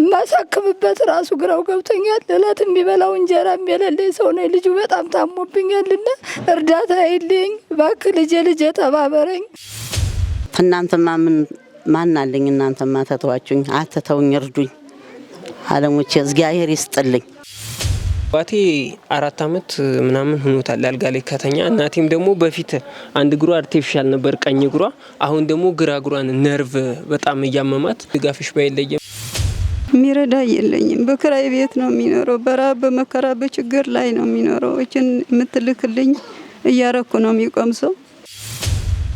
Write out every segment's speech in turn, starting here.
የማሳክምበት ራሱ ግራው ገብቶኛል። እለት የሚበላው እንጀራ የሌለኝ ሰው ነኝ። ልጁ በጣም ታሞብኛል ታሞብኛልና እርዳታ የለኝ። እባክህ ልጄ ልጄ ተባበረኝ። እናንተማ ምን ማናለኝ? እናንተማ ተተዋችሁኝ፣ አትተውኝ፣ እርዱኝ። አለሞቼ እግዚአብሔር ይስጥልኝ። አባቴ አራት አመት ምናምን ሆኖታል አልጋ ላይ ከተኛ። እናቴም ደግሞ በፊት አንድ እግሯ አርቲፊሻል ነበር ቀኝ እግሯ። አሁን ደግሞ ግራ እግሯን ነርቭ በጣም እያመማት ድጋፍሽ ባይለየም የሚረዳ የለኝም። በክራይ ቤት ነው የሚኖረው። በረሀብ በመከራ በችግር ላይ ነው የሚኖረው። እችን የምትልክልኝ እያረኩ ነው የሚቆምሰው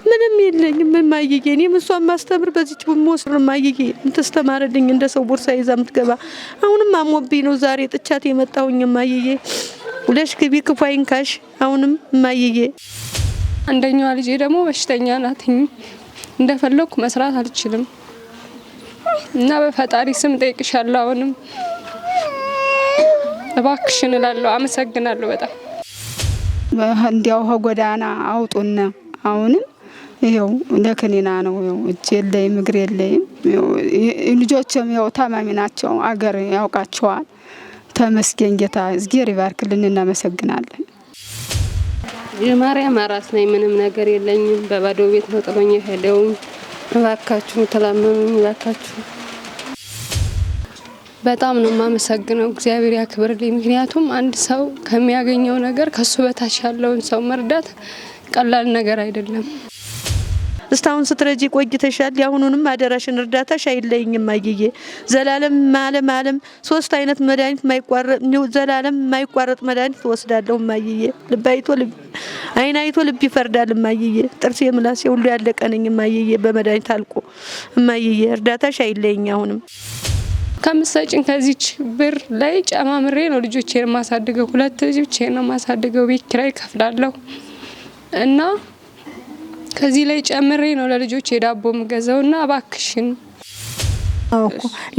ምንም የለኝም። ምን ማየጌ እኔም እሷን ማስተምር በዚች ብሞስር ማየጌ የምትስተማርልኝ እንደ ሰው ቦርሳ ይዛ የምትገባ አሁንም አሞቤ ነው ዛሬ ጥቻት የመጣሁኝ። ማየጌ ሁለሽ ግቢ ክፉ አይንካሽ። አሁንም ማየጌ አንደኛዋ ልጄ ደግሞ በሽተኛ ናትኝ። እንደፈለኩ መስራት አልችልም። እና በፈጣሪ ስም ጠይቅሻለሁ። አሁንም እባክሽን እላለሁ። አመሰግናለሁ በጣም እንዲያው ጎዳና አውጡና አሁንም ይኸው ለክኒና ነው። ይኸው እጅ የለይም እግር የለይም። ልጆችም ይኸው ታማሚ ናቸው። አገር ያውቃቸዋል። ተመስገን ጌታ እግዜር ይባርክልን። እናመሰግናለን። የማርያም አራስ ነኝ። ምንም ነገር የለኝም። በባዶ ቤት ነው ጥሎኝ የሄደውኝ እባካችሁ ተላመኑኝ፣ እባካችሁ በጣም ነው የማመሰግነው። እግዚአብሔር ያክብርልኝ። ምክንያቱም አንድ ሰው ከሚያገኘው ነገር ከሱ በታች ያለውን ሰው መርዳት ቀላል ነገር አይደለም። እስካሁን ስትረጂ ቆይተሻል። የአሁኑንም አደራሽን እርዳታሽ አይለይኝም አየዬ። ዘላለም ማለም አለም ሶስት አይነት መድኃኒት ዘላለም ማይቋረጥ መድኃኒት ትወስዳለሁ ማየዬ። ልብ አይቶ ልብ አይን አይቶ ልብ ይፈርዳል ማየዬ። ጥርሴ ምላሴ ሁሉ ያለቀነኝ ማየዬ በመድኃኒት አልቆ ማየዬ። እርዳታሽ አይለይኝ አሁንም ከምሰጭን ከዚች ብር ላይ ጨማምሬ ነው ልጆቼን ማሳድገው። ሁለት ልጆቼን ነው ማሳድገው። ቤት ኪራይ ከፍላለሁ እና ከዚህ ላይ ጨምሬ ነው ለልጆች የዳቦ ምገዛው እና እባክሽን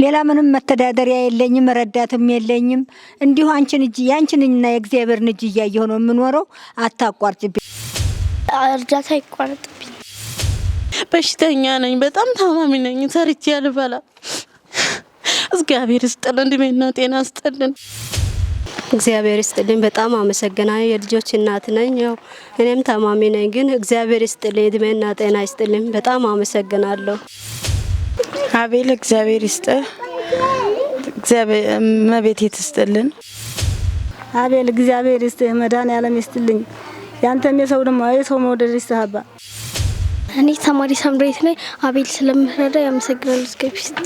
ሌላ ምንም መተዳደሪያ የለኝም፣ ረዳትም የለኝም። እንዲሁ አንቺን እጅ ያንቺንና የእግዚአብሔርን እጅ እያየሁ ነው የምኖረው። አታቋርጭብኝ፣ እርዳታ ይቋረጥብኝ። በሽተኛ ነኝ፣ በጣም ታማሚ ነኝ። ሰርቼ ያልበላ እግዚአብሔር ስጥልን፣ እድሜና ጤና ስጥልን። እግዚአብሔር ይስጥልኝ። በጣም አመሰግናለሁ። የልጆች እናት ነኝ። ያው እኔም ታማሚ ነኝ፣ ግን እግዚአብሔር ይስጥልኝ፣ እድሜና ጤና ይስጥልኝ። በጣም አመሰግናለሁ። አቤል እግዚአብሔር ይስጥህ፣ መቤት ትስጥልን። አቤል እግዚአብሔር ይስጥህ፣ መድኃኔዓለም ይስጥልኝ። ያንተም የሰው ደሞ የሰው መውደድ ይስጥህ አባ። እኔ ተማሪ ሳምሬት ነኝ። አቤል ስለምረዳ ያመሰግናለሁ። እግዚአብሔር ይስጥ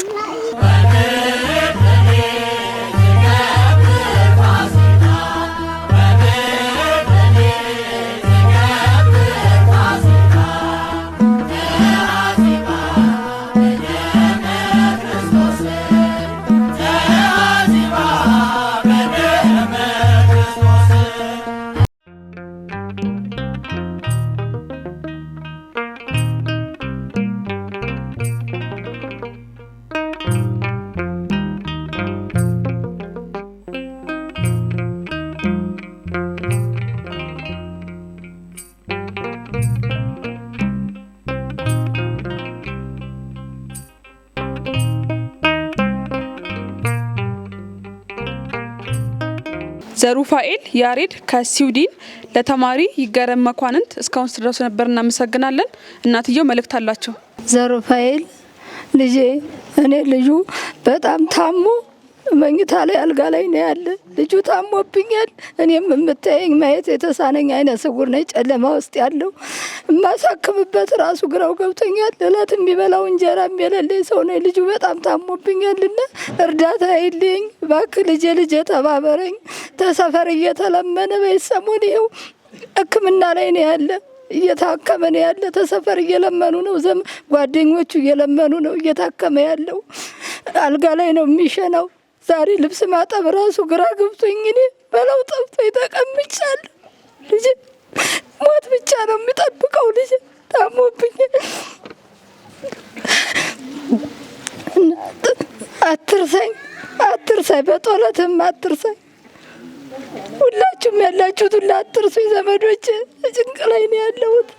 ዘሩፋኤል ያሬድ ከስዊድን ለተማሪ ይገረም መኳንንት እስካሁን ስድረሱ ነበር። እናመሰግናለን። እናትየው መልእክት አላቸው። ዘሩፋኤል ልጄ፣ እኔ ልጁ በጣም ታሞ መኝታ ላይ አልጋ ላይ ነው ያለ። ልጁ ታሞብኛል። እኔም የምታየኝ ማየት የተሳነኝ አይነ ስውር ነኝ። ጨለማ ውስጥ ያለው የማሳክምበት ራሱ ግራው ገብቶኛል። እለት የሚበላው እንጀራ የሌለኝ ሰው ነኝ። ልጁ በጣም ታሞብኛልና እርዳታ የለኝ። እባክህ ልጄ ልጄ ተባበረኝ። ተሰፈር እየተለመነ በይሰሙን ይኸው ሕክምና ላይ ነው ያለ እየታከመ ነው ያለ። ተሰፈር እየለመኑ ነው፣ ዘም ጓደኞቹ እየለመኑ ነው። እየታከመ ያለው አልጋ ላይ ነው የሚሸናው። ዛሬ ልብስ ማጠብ ራሱ ግራ ገብቶኝ እኔ በለው ጠብቶ ተቀምጫለሁ። ልጅ ሞት ብቻ ነው የሚጠብቀው። ልጅ ታሞብኝ አትርሰኝ፣ አትርሰኝ፣ በጦለትም አትርሰኝ። ሁላችሁም ያላችሁት ሁላ አትርሱኝ ዘመዶች ጭንቅ ላይ ነው ያለሁት።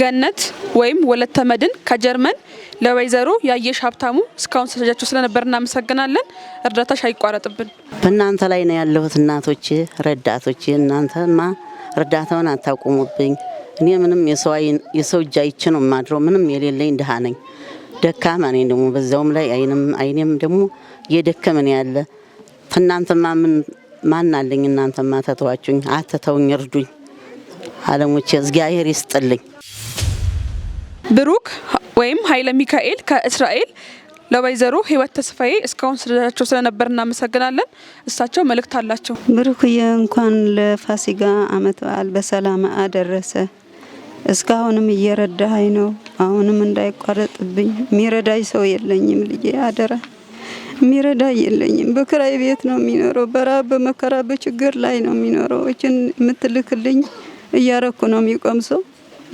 ገነት ወይም ወለተ መድን ከጀርመን ለወይዘሮ ያየሽ ሀብታሙ እስካሁን ስለጃቸው ስለነበር እናመሰግናለን። እርዳታሽ አይቋረጥብን። በእናንተ ላይ ነው ያለሁት እናቶች፣ ረዳቶች። እናንተማ እርዳታውን አታቁሙብኝ። እኔ ምንም የሰው እጅ አይቼ ነው የማድረው። ምንም የሌለኝ ድሃ ነኝ፣ ደካማ ነኝ። ደግሞ በዛውም ላይ አይኔም ደግሞ እየደከመን ያለ እናንተማ ምን ማናለኝ? እናንተማ ተተዋችሁኝ፣ አትተውኝ፣ እርዱኝ። አለሞቼ እግዚአብሔር ይስጥልኝ። ብሩክ ወይም ኃይለ ሚካኤል ከእስራኤል ለወይዘሮ ህይወት ተስፋዬ እስካሁን ስለዳቸው ስለነበር እናመሰግናለን። እሳቸው መልእክት አላቸው። ብሩክዬ እንኳን ለፋሲጋ አመት በዓል በሰላም አደረሰ። እስካሁንም እየረዳኸኝ ነው። አሁንም እንዳይቋረጥብኝ። የሚረዳኝ ሰው የለኝም ልጄ፣ አደራ የሚረዳ የለኝም። በክራይ ቤት ነው የሚኖረው። በራብ በመከራ በችግር ላይ ነው የሚኖረው። እችን የምትልክልኝ እያረኩ ነው የሚቆም ሰው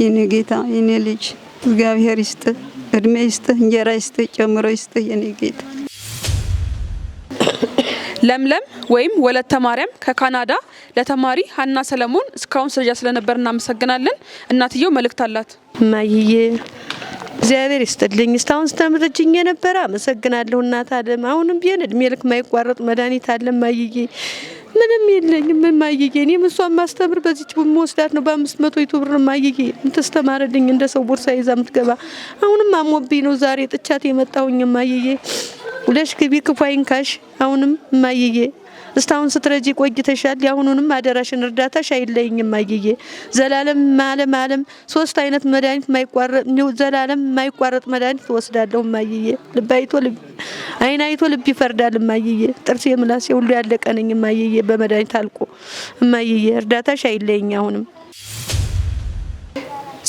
የኔ ጌታ የኔ ልጅ እግዚአብሔር ይስጥህ፣ እድሜ ይስጥህ፣ እንጀራ ይስጥህ፣ ጨምሮ ይስጥህ የኔ ጌታ። ለምለም ወይም ወለተ ማርያም ከካናዳ ለተማሪ ሀና ሰለሞን እስካሁን ስረጃ ስለነበር እናመሰግናለን። እናትየው መልእክት አላት። ማይዬ እግዚአብሔር ይስጥልኝ እስካሁን ስተምርጅኝ የነበረ አመሰግናለሁ። እናት አለም አሁንም ቢሆን እድሜ ልክ ማይቋረጥ መድኃኒት አለ ማይዬ ምንም የለኝም። ምን ማየጌ እኔም እሷን ማስተምር በዚች ወስዳት ነው በአምስት መቶ ዩቱብር ማየጌ የምትስተማርልኝ እንደ ሰው ቦርሳ ይዛ ምትገባ። አሁንም አሞብኝ ነው ዛሬ ጥቻት የመጣሁኝ ማየጌ። ሁለሽ ግቢ ክፋይን ካሽ አሁንም ማየጌ እስታሁን ስትረጂ ቆይተሻል። የአሁኑንም አደራሽን እርዳታሽ አይለይኝም አየዬ። ዘላለም ማለም አለም ሶስት አይነት መድኃኒት ማይቋረጥ ዘላለም ማይቋረጥ መድኃኒት ወስዳለሁ ማየዬ። ልብ አይቶ ልብ አይን አይቶ ልብ ይፈርዳል ማየዬ። ጥርሴ ምላሴ ሁሉ ያለቀነኝ ማየዬ በመድኃኒት አልቆ ማየዬ። እርዳታሽ አይለይኝ አሁንም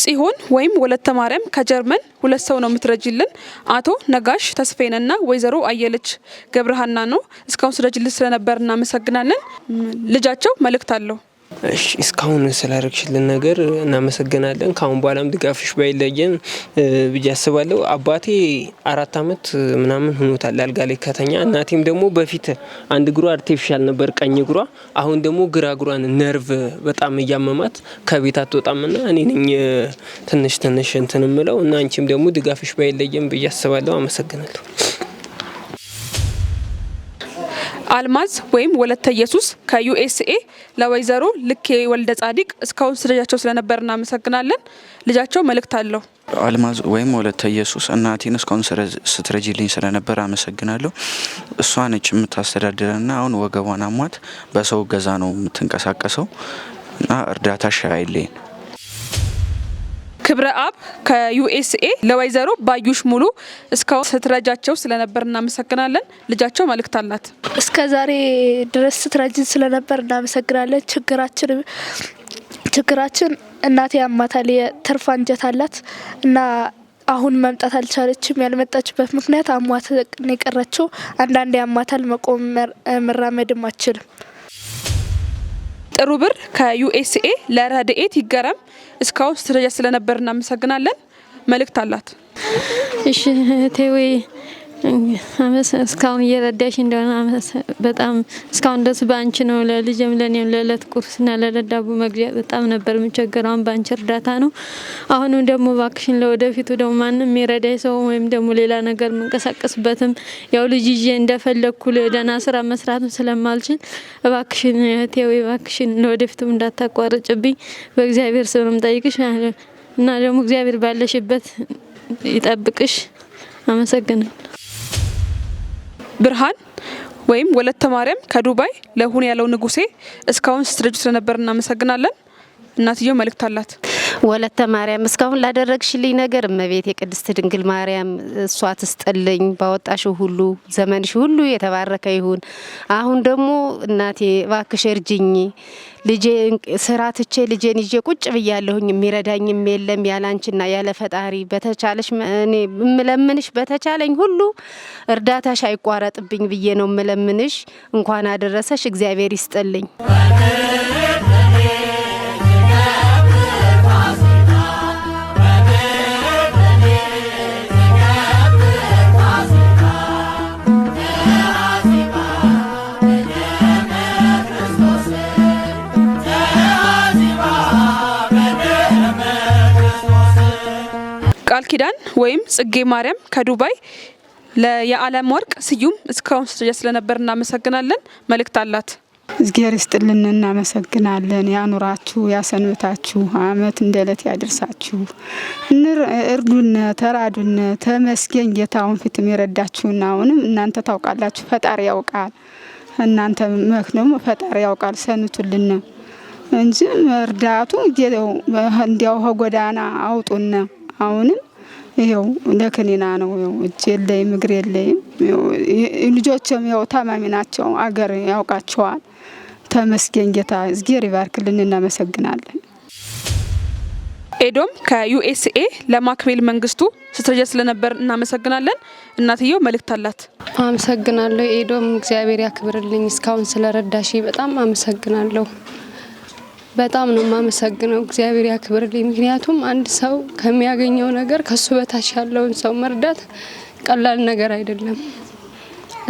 ጽዮን ወይም ወለተ ማርያም ከጀርመን ሁለት ሰው ነው የምትረጅልን፣ አቶ ነጋሽ ተስፌንና ወይዘሮ አየለች ገብረሃና ነው። እስካሁን ስረጅልን ስለነበር እናመሰግናለን። ልጃቸው መልእክት አለው። እሺ እስካሁን ስላረግሽልን ነገር እናመሰግናለን። ካሁን በኋላም ድጋፍሽ ባይለየን ብዬ አስባለሁ። አባቴ አራት አመት ምናምን ሆኖታል አልጋ ላይ ከተኛ። እናቴም ደግሞ በፊት አንድ እግሯ አርቴፊሻል ነበር ቀኝ እግሯ። አሁን ደግሞ ግራ እግሯን ነርቭ በጣም እያመማት ከቤት ና እኔ ነኝ ትንሽ ትንሽ እንትን ምለው እና አንቺም ደግሞ ድጋፍሽ ባይለየን ብዬ አስባለሁ። አመሰግናለሁ። አልማዝ ወይም ወለተ ኢየሱስ ከዩኤስኤ ለወይዘሮ ልኬ ወልደ ጻዲቅ እስካሁን ስለጃቸው ስለነበር እናመሰግናለን። ልጃቸው መልእክት አለው። አልማዝ ወይም ወለተ ኢየሱስ እናቴን እስካሁን ስትረጅልኝ ስለነበር አመሰግናለሁ። እሷ ነች የምታስተዳድረንና አሁን ወገቧን አሟት በሰው ገዛ ነው የምትንቀሳቀሰው እና እርዳታ ሻይሌን ክብረ አብ ከዩኤስኤ ለወይዘሮ ባዩሽ ሙሉ እስካሁን ስትረጃቸው ስለነበር እናመሰግናለን። ልጃቸው መልእክት አላት። እስከ ዛሬ ድረስ ስትረጅን ስለነበር እናመሰግናለን። ችግራችን ችግራችን እናቴ አማታል የተርፋ እንጀት አላት እና አሁን መምጣት አልቻለችም። ያልመጣችበት ምክንያት አሟት ነው የቀረችው። አንዳንዴ አማታል መቆም መራመድም አችልም ጥሩ ብር ከዩኤስኤ ለረድኤት ይገረም እስካሁን ስትረጃ ስለነበር እናመሰግናለን። መልእክት አላት። እሺ ቴዌ እስካሁን እየረዳሽ እንደሆነ በጣም እስካሁን ደስ በአንቺ ነው። ለልጅም ለእኔም ለእለት ቁርስና ለእለት ዳቦ መግዣ በጣም ነበር የምቸገረው። አሁን በአንቺ እርዳታ ነው። አሁንም ደግሞ እባክሽን ለወደፊቱ ደግሞ ማንም የሚረዳኝ ሰው ወይም ደግሞ ሌላ ነገር የምንቀሳቀስበትም ያው ልጅ ይዤ እንደፈለግኩ ደህና ስራ መስራት ስለማልችል እባክሽን እህቴ ወይ እባክሽን ለወደፊቱም እንዳታቋርጭብኝ በእግዚአብሔር ስም ጠይቅሽ እና ደግሞ እግዚአብሔር ባለሽበት ይጠብቅሽ። አመሰግናለሁ። ብርሃን ወይም ወለተ ማርያም ከዱባይ ለሁን ያለው ንጉሴ እስካሁን ስትረጁ ስለነበር እናመሰግናለን። እናትየው መልእክት አላት። ወለተ ማርያም እስካሁን ላደረግሽልኝ ነገር እመቤት የቅድስት ድንግል ማርያም እሷ ትስጥልኝ። ባወጣሽ ሁሉ ዘመንሽ ሁሉ የተባረከ ይሁን። አሁን ደግሞ እናቴ እባክሽ እርጅኝ። ልጄ ስራ ትቼ ልጄን ይዤ ቁጭ ብያለሁኝ። የሚረዳኝም የለም ያላንችና ያለ ፈጣሪ። በተቻለሽ እኔ እምለምንሽ በተቻለኝ ሁሉ እርዳታሽ አይቋረጥብኝ ብዬ ነው እምለምንሽ። እንኳን አደረሰሽ። እግዚአብሔር ይስጥልኝ። ቃል ኪዳን ወይም ጽጌ ማርያም ከዱባይ የዓለም ወርቅ ስዩም እስካሁን ስትጀ ስለነበር እናመሰግናለን። መልእክት አላት። እግዜር ይስጥልን፣ እናመሰግናለን። ያኑራችሁ፣ ያሰንብታችሁ፣ አመት እንደ ዕለት ያደርሳችሁ። እርዱነ፣ ተራዱነ፣ ተመስገን። ጌታውን ፊትም የረዳችሁና አሁንም እናንተ ታውቃላችሁ፣ ፈጣሪ ያውቃል። እናንተ መክነሙ ፈጣሪ ያውቃል። ሰንቱልን እንጂ እርዳቱ እንዲያው ከጎዳና አውጡነ አሁንም ይኸው ለክኒና ነው ይኸው እጅ የለይም እግር የለይም። ልጆችም ያው ታማሚ ናቸው። አገር ያውቃቸዋል። ተመስገን ጌታ እግዜር ይባርክልን። እናመሰግናለን። ኤዶም ከዩኤስኤ ለማክቤል መንግስቱ ስትረጃ ስለነበር እናመሰግናለን። እናትየው መልእክት አላት። አመሰግናለሁ ኤዶም፣ እግዚአብሔር ያክብርልኝ። እስካሁን ስለረዳሽ በጣም አመሰግናለሁ። በጣም ነው የማመሰግነው። እግዚአብሔር ያክብርልኝ። ምክንያቱም አንድ ሰው ከሚያገኘው ነገር ከሱ በታች ያለውን ሰው መርዳት ቀላል ነገር አይደለም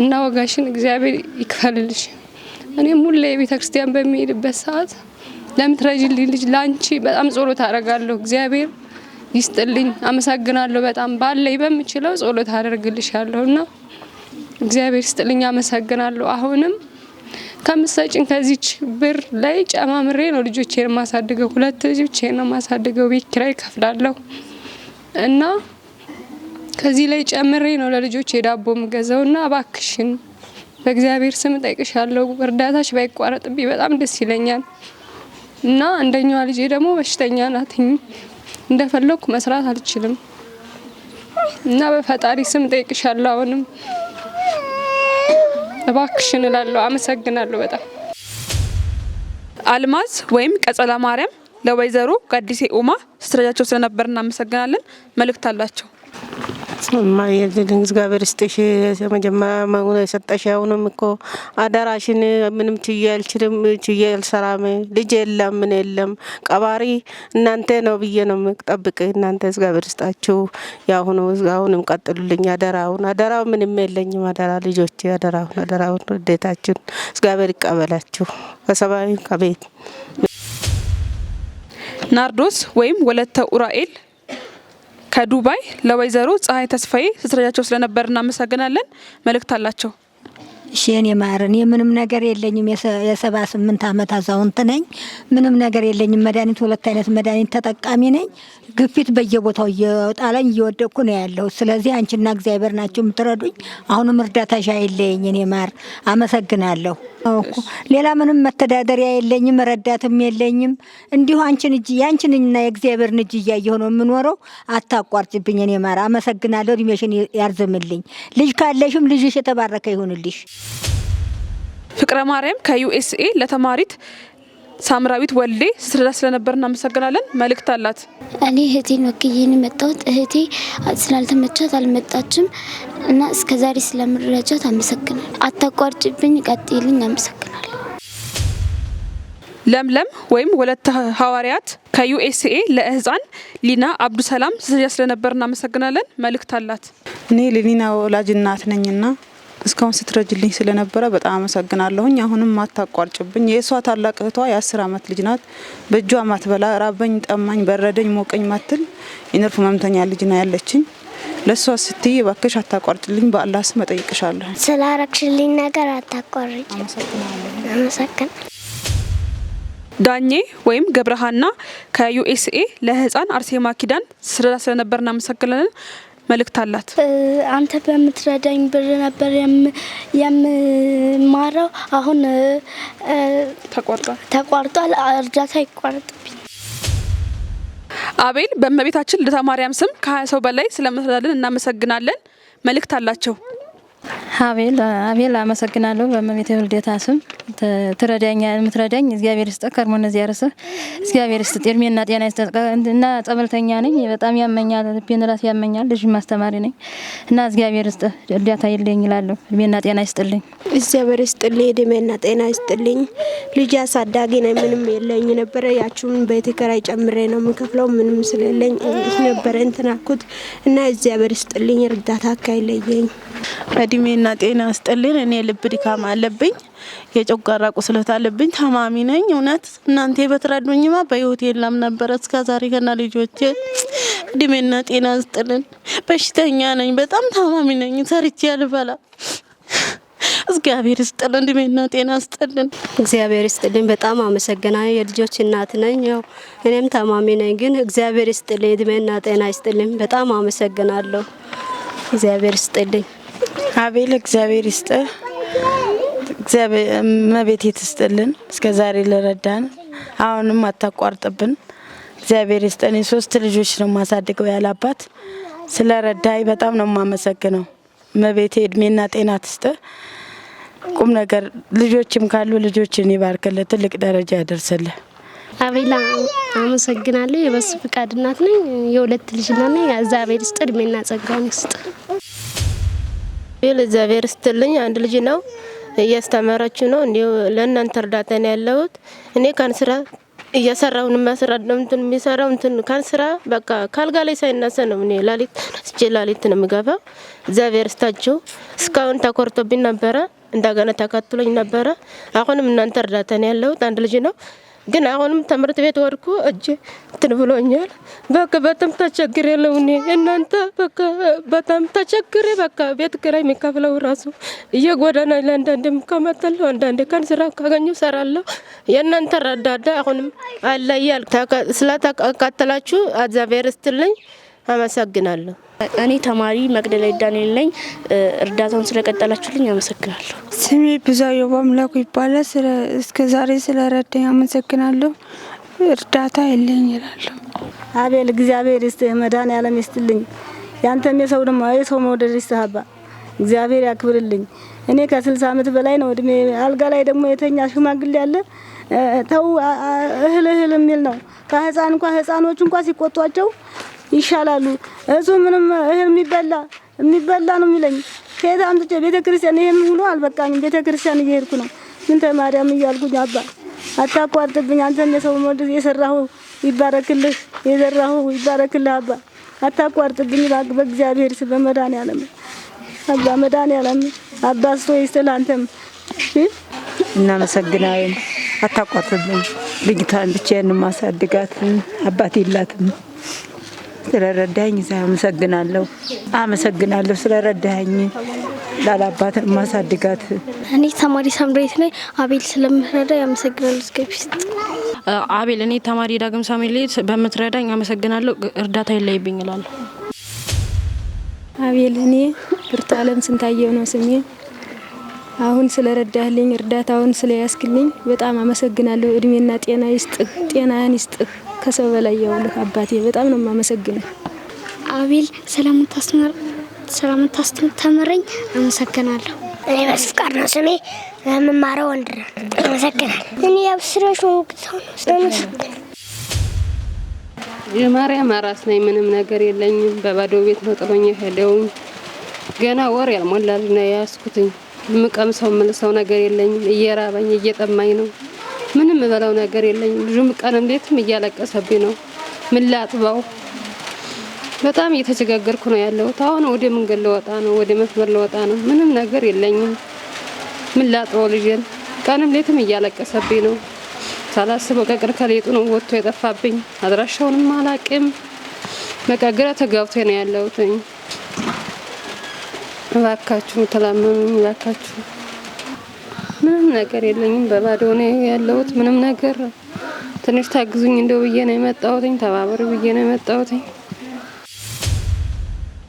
እና ወጋሽን እግዚአብሔር ይክፈልልሽ። እኔም ሁሌ የቤተ ክርስቲያን በሚሄድበት ሰዓት ለምትረጅልኝ ልጅ ለአንቺ በጣም ጸሎት አደርጋለሁ። እግዚአብሔር ይስጥልኝ። አመሰግናለሁ። በጣም ባለኝ በምችለው ጸሎት አደርግልሻለሁ እና እግዚአብሔር ይስጥልኝ። አመሰግናለሁ አሁንም ከምትሰጭን ከዚች ብር ላይ ጨማምሬ ነው ልጆቼን የማሳድገው። ሁለት ልጅ ነው የማሳድገው። ቤት ኪራይ ከፍላለሁ እና ከዚህ ላይ ጨምሬ ነው ለልጆች የዳቦ ምገዛው እና እባክሽን በእግዚአብሔር ስም ጠይቅሽ ያለው እርዳታሽ ባይቋረጥብኝ በጣም ደስ ይለኛል። እና አንደኛዋ ልጄ ደግሞ በሽተኛ ናትኝ እንደፈለኩ መስራት አልችልም እና በፈጣሪ ስም ጠይቅሻለሁ አሁንም እባክሽን እላለሁ። አመሰግናለሁ በጣም። አልማዝ ወይም ቀጸላ ማርያም ለወይዘሮ ጋዲሴ ኡማ ስትረጃቸው ስለነበር እናመሰግናለን። መልእክት አላቸው። እግዚአብሔር ይስጥሽ። መጀመሪያ የሰጠሽ አሁንም እኮ አዳራሽን ምንም ችዬ አልችልም፣ ችዬ አልሰራም። ልጅ የለም ምን የለም ቀባሪ እናንተ ነው ብዬ ነው የምጠብቅ። እናንተ እግዚአብሔር ይስጣችሁ። የአሁኑ አሁንም ቀጥሉልኝ አደራውን። አደራው ምንም የለኝም አደራ ልጆች አደራውን አደራውን ውዴታችሁን እግዚአብሔር ይቀበላችሁ ከሰማይ ከቤት ናርዶስ ወይም ወለተ ኡራኤል ከዱባይ ለወይዘሮ ፀሐይ ተስፋዬ ስትረጃቸው ስለነበር እናመሰግናለን። መልእክት አላቸው። እሺ እኔ ማርን ምንም ነገር የለኝም። የሰባ ስምንት አመት አዛውንት ነኝ። ምንም ነገር የለኝም። መድኃኒት ሁለት አይነት መድኃኒት ተጠቃሚ ነኝ። ግፊት በየቦታው እየጣለኝ እየወደቅኩ ነው ያለው። ስለዚህ አንቺና እግዚአብሔር ናቸው የምትረዱኝ። አሁንም እርዳታሽ አይለየኝ። እኔ ማር አመሰግናለሁ። ሌላ ምንም መተዳደሪያ የለኝም፣ ረዳትም የለኝም። እንዲሁ አንቺን እጅ የአንቺንና የእግዚአብሔርን እጅ እያየሁ ነው የምኖረው። አታቋርጭብኝ። እኔ ማር አመሰግናለሁ። እድሜሽን ያርዝምልኝ። ልጅ ካለሽም ልጅሽ የተባረከ ይሁንልሽ። ፍቅረ ማርያም ከዩኤስኤ ለተማሪት ሳምራዊት ወልዴ ስትረዳ ስለነበር እናመሰግናለን። መልእክት አላት። እኔ እህቴን ወክዬን የመጣሁት እህቴ ስላልተመቻት አልመጣችም እና እስከ ዛሬ ስለምረጃት አመሰግናል። አታቋርጭብኝ፣ ቀጥልኝ። አመሰግናል። ለምለም ወይም ወለተ ሐዋርያት ከዩኤስኤ ለህፃን ሊና አብዱሰላም ስትረዳ ስለነበር እናመሰግናለን። መልእክት አላት። እኔ ለሊና ወላጅ እናት ነኝና እስካሁን ስትረጅልኝ ስለነበረ በጣም አመሰግናለሁኝ። አሁንም ማታቋርጭብኝ። የእሷ ታላቅ እህቷ የአስር አመት ልጅ ናት። በእጇ ማትበላ ራበኝ፣ ጠማኝ፣ በረደኝ፣ ሞቀኝ ማትል የነርፍ መምተኛ ልጅ ና ያለችኝ። ለእሷ ስትይ እባክሽ አታቋርጭልኝ፣ በአላህ ስም እጠይቅሻለሁ። ስላረግሽልኝ ነገር አታቋርጭ። አመሰግናለሁ። ዳኜ ወይም ገብረሃና ከዩኤስኤ ለህፃን አርሴማ ኪዳን ስረዳ ስለነበር እናመሰግናለን። መልእክት አላት። አንተ በምትረዳኝ ብር ነበር የምማረው፣ አሁን ተቋርጧል ተቋርጧል። እርዳታ ይቋረጥብኝ። አቤል በእመቤታችን ልደታ ማርያም ስም ከሀያ ሰው በላይ ስለምትረዳልን እናመሰግናለን። መልእክት አላቸው። አቤል አቤል አመሰግናለሁ። በመቤት ውልደታ ስም ትረዳኛ የምትረዳኝ እግዚአብሔር ይስጥ። ከርሞ እነዚህ ያረሰ እግዚአብሔር ይስጥ። እድሜና ጤና እና ጸበልተኛ ነኝ። በጣም ያመኛል፣ ልቤን ራስ ያመኛል። ልጅ ማስተማሪ ነኝ እና እግዚአብሔር ስጥ እርዳታ የለኝ ይላለሁ። እድሜና ጤና ይስጥልኝ፣ እግዚአብሔር ይስጥልኝ፣ እድሜና ጤና ይስጥልኝ። ልጅ አሳዳጊ ነኝ፣ ምንም የለኝ ነበረ። ያችሁን ቤት ኪራይ ጨምሬ ነው የምከፍለው። ምንም ስለለኝ ነበረ እንትናኩት እና እግዚአብሔር ስጥልኝ፣ እርዳታ አካይለየኝ እድሜ ሰላምና ጤና ስጥልኝ። እኔ ልብ ድካም አለብኝ፣ የጨጓራ ቁስለት አለብኝ፣ ታማሚ ነኝ። እውነት እናንተ በትረዱኝማ በህይወት የላም ነበረ እስከ ዛሬ ከና ልጆች እድሜና ጤና ስጥልን። በሽተኛ ነኝ፣ በጣም ታማሚ ነኝ። ሰርቼ አልበላ። እግዚአብሔር ይስጥልን፣ እድሜና ጤና ስጥልን። እግዚአብሔር ይስጥልን። በጣም አመሰግናለሁ። የልጆች እናት ነኝ። ያው እኔም ታማሚ ነኝ፣ ግን እግዚአብሔር ይስጥልኝ፣ እድሜና ጤና ይስጥልኝ። በጣም አመሰግናለሁ። እግዚአብሔር ይስጥልኝ። አቤል እግዚአብሔር ይስጥህ። እግዚአብሔር መቤት ትስጥልን። እስከ ዛሬ ለረዳን አሁንም አታቋርጥብን። እግዚአብሔር ይስጠን። የሶስት ልጆች ነው ማሳድገው ያለ አባት ስለ ረዳይ በጣም ነው የማመሰግነው። መቤቴ እድሜና ጤና ትስጥ። ቁም ነገር ልጆችም ካሉ ልጆችን ይባርክልህ፣ ትልቅ ደረጃ ያደርስልህ። አቤላ አመሰግናለሁ። የበስ ፍቃድ እናት ነኝ። የሁለት ልጅ ነኝ። እግዚአብሔር ይስጥ፣ እድሜና ጸጋውን ይስጥ። ል እግዚአብሔር ስትልኝ አንድ ልጅ ነው እያስተማረችው ነው። እንዲሁ ለእናንተ እርዳታ ነው ያለሁት እኔ ካን ስራ እየሰራው የሚያሰራ እንትን የሚሰራው እንትን ካን ስራ በቃ ካልጋ ላይ ሳይነሰ ነው። እኔ ላሊት ስቼ ላሊት ነው የምገባው። እግዚአብሔር ስታችሁ እስካሁን ተኮርቶብኝ ነበረ፣ እንደገና ተከትሎኝ ነበረ። አሁንም እናንተ እርዳታ ነው ያለሁት አንድ ልጅ ነው ግን አሁንም ትምህርት ቤት ወድኩ እጅ እንትን ብሎኛል። በቃ በጣም ተቸግሬ ያለው እናንተ በቃ በጣም ተቸግሬ በቃ ቤት ኪራይ የሚከፍለው ራሱ እየጎዳና ለአንዳንድም ከመተለሁ አንዳንድ ቀን ስራ ካገኙ ሰራለሁ። የእናንተ ረዳዳ አሁንም አለያል ስለተቀጠላችሁ እግዚአብሔር ይስጥልኝ። አመሰግናለሁ። እኔ ተማሪ መቅደላይ ዳንኤል ነኝ። እርዳታውን ስለቀጠላችሁልኝ አመሰግናለሁ። ስሜ ብዛዮ በአምላኩ ይባላል። እስከ ዛሬ ስለረዳኝ አመሰግናለሁ። እርዳታ የለኝ ይላለሁ። አቤል እግዚአብሔር ይስጥህ፣ መድኃኔዓለም ይስጥልኝ። ያንተም የሰው ደግሞ የሰው መውደድ ይስጥህ፣ እግዚአብሔር ያክብርልኝ። እኔ ከስልሳ ዓመት በላይ ነው እድሜ። አልጋ ላይ ደግሞ የተኛ ሽማግሌ ያለ ተው እህል እህል የሚል ነው። ከህፃን እንኳ ህፃኖች እንኳ ሲቆጧቸው ይሻላሉ። እሱ ምንም እህል የሚበላ የሚበላ ነው የሚለኝ። ከየት አምጥቼ ቤተ ክርስቲያን ይሄም ሁሉ አልበቃኝም። ቤተ ክርስቲያን እየሄድኩ ነው። ምንተ ማርያም እያልኩኝ አባ አታቋርጥብኝ፣ አንተም የሰው ሞድ የሰራሁ ይባረክልህ፣ የዘራሁ ይባረክልህ፣ አባ አታቋርጥብኝ፣ በእግዚአብሔር ስ በመዳን ያለም አባ መዳን ያለም አባ ስቶ ይስጥል። አንተም እናመሰግናለን። አታቋርጥብኝ፣ ልጅቷን ብቻዬን ማሳድጋት አባት የላትም። ስለረዳኝ አመሰግናለሁ። አመሰግናለሁ ስለረዳኝ ላላባት ማሳድጋት እኔ ተማሪ ሳምሬት ላይ አቤል ስለምረዳ ያመሰግናሉ ስገፊስጥ አቤል እኔ ተማሪ ዳግም ሳምሬት በምትረዳኝ አመሰግናለሁ። እርዳታ ይለይብኝ ይላል አቤል። እኔ አለም ስንታየው ነው ስሜ። አሁን ስለረዳህልኝ እርዳታውን ስለያስክልኝ በጣም አመሰግናለሁ። እድሜና ጤና ይስጥህ፣ ጤናህን ይስጥህ። ከሰው በላይ የዋልህ አባቴ በጣም ነው የማመሰግነው። አቤል ሰላሙን ታስተምር ስለምታስተምር ተምረኝ አመሰግናለሁ። እኔ በስፍቃር ነው ስሜ የምማረው ወንድራ አመሰግናለሁ። እኔ አብስረሽ ወንግሰው የማርያም አራስ ነኝ። ምንም ነገር የለኝም። በባዶ ቤት ነው ጥሎኝ ሄደውኝ። ገና ወር ያልሞላልና ያስኩትኝ። የያዝኩትኝ። የምቀምሰው ምልሰው ነገር የለኝም። እየራበኝ እየጠማኝ ነው ምንም እበላው ነገር የለኝም። ልጁም ቀን እንዴትም እያለቀሰብኝ ነው። ምን ላጥበው? በጣም እየተቸጋገርኩ ነው ያለሁት። አሁን ወደ መንገድ ለወጣ ነው፣ ወደ መስመር ለወጣ ነው። ምንም ነገር የለኝም። ምን ላጥበው? ልጄን? ቀንም ሌትም እያለቀሰብኝ ነው። ሳላስበው ቀቅር ከሌጡ ነው ወጥቶ የጠፋብኝ። አድራሻውንም አላቅም። በቃ ግራ ተጋብቶ ነው ያለሁት። እባካችሁ ተላመኑ፣ እባካችሁ ምንም ነገር የለኝም። በባዶ ነው ያለሁት። ምንም ነገር ትንሽ ታግዙኝ እንደው ብዬ ነው የመጣሁትኝ። ተባበሩ ብዬ ነው የመጣሁትኝ።